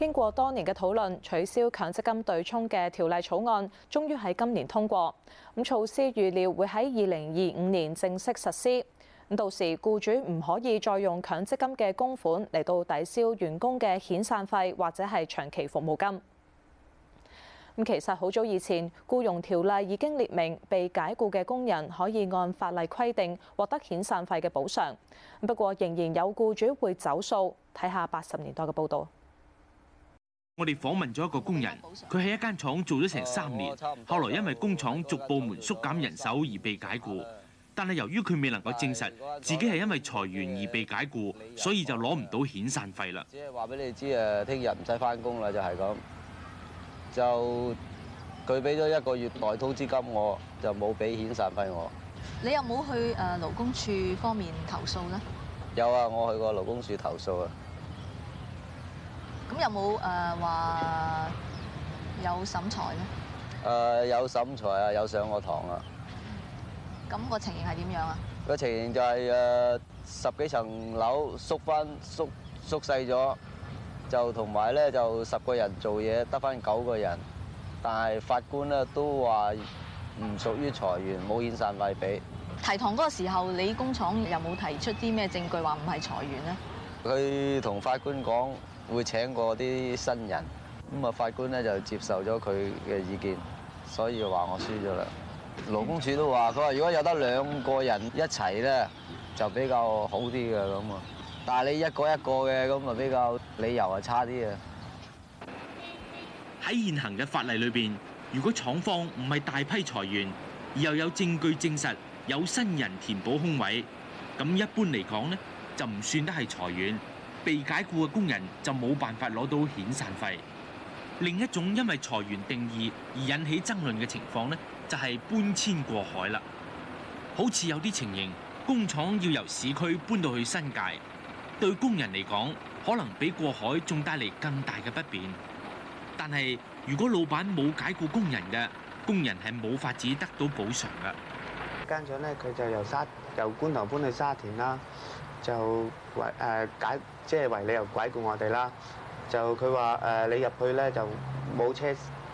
經過多年嘅討論，取消強積金對沖嘅條例草案，終於喺今年通過。咁措施預料會喺二零二五年正式實施。到時，僱主唔可以再用強積金嘅供款嚟到抵消員工嘅遣散費，或者係長期服務金。咁其實好早以前，僱傭條例已經列明，被解僱嘅工人可以按法例規定獲得遣散費嘅補償。不過，仍然有僱主會走數。睇下八十年代嘅報道。我哋訪問咗一個工人，佢喺一間廠做咗成三年，後來因為工廠逐部門縮減人手而被解雇，但係由於佢未能夠證實自己係因為裁員而被解雇，所以就攞唔到遣散費啦。即係話俾你知誒，聽日唔使返工啦，就係咁。就佢俾咗一個月代通知金，我就冇俾遣散費我。你有冇去誒勞工處方面投訴咧？有啊，我去過勞工處投訴啊。有冇誒話有審裁咧？誒有審裁啊，有上過堂啊。咁個情形係點樣啊？個情形就係誒十幾層樓縮翻縮縮細咗，就同埋咧就十個人做嘢得翻九個人，但係法官咧都話唔屬於裁員，冇遣散費俾。提堂嗰個時候，你工廠有冇提出啲咩證據話唔係裁員咧？佢同法官講。會請過啲新人，咁啊法官咧就接受咗佢嘅意見，所以話我輸咗啦。勞工處都話，佢話如果有得兩個人一齊咧，就比較好啲嘅咁啊。但係你一個一個嘅咁啊，就比較理由就差啲啊。喺現行嘅法例裏邊，如果廠方唔係大批裁員，而又有證據證實有新人填補空位，咁一般嚟講咧，就唔算得係裁員。被解僱嘅工人就冇辦法攞到遣散費。另一種因為裁員定義而引起爭論嘅情況呢，就係搬遷過海啦。好似有啲情形，工廠要由市區搬到去新界，對工人嚟講可能比過海仲帶嚟更大嘅不便。但係如果老闆冇解僱工人嘅，工人係冇法子得到補償噶。跟住咧，佢就由沙由觀塘，搬去沙田啦。就為誒解，即係為理由解雇我哋啦。就佢話誒，你入去咧就冇車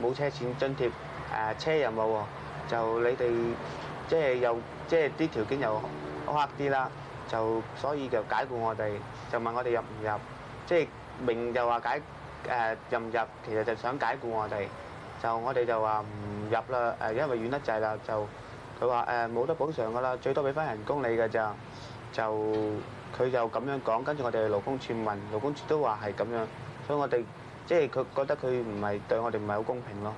冇車錢津貼，誒、呃、車又冇喎。就你哋即係又即係啲條件又苛刻啲啦。就所以就解雇我哋，就問我哋入唔入？即係明就話解誒、呃、入唔入？其實就想解雇我哋。就我哋就話唔入啦。誒，因為遠得滯啦。就佢話誒冇得補償噶啦，最多俾翻人工你噶咋？就，就佢就咁樣講，跟住我哋去勞工處問，勞工處都話係咁樣，所以我哋即係佢覺得佢唔係對我哋唔係好公平咯。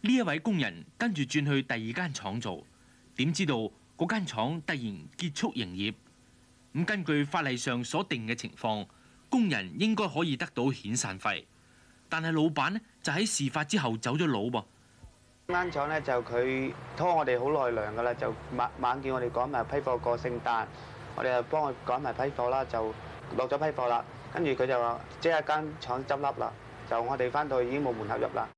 呢一位工人跟住轉去第二間廠做，點知道嗰間廠突然結束營業咁。根據法例上所定嘅情況，工人應該可以得到遣散費，但係老闆呢就喺事發之後走咗佬噃。間廠呢就佢拖我哋好耐糧㗎啦，就猛猛叫我哋講咪批貨過聖誕。我哋就幫佢改埋批貨啦，就落咗批貨啦。跟住佢就話，即係間廠執笠啦，就我哋返到去已經冇門口入啦。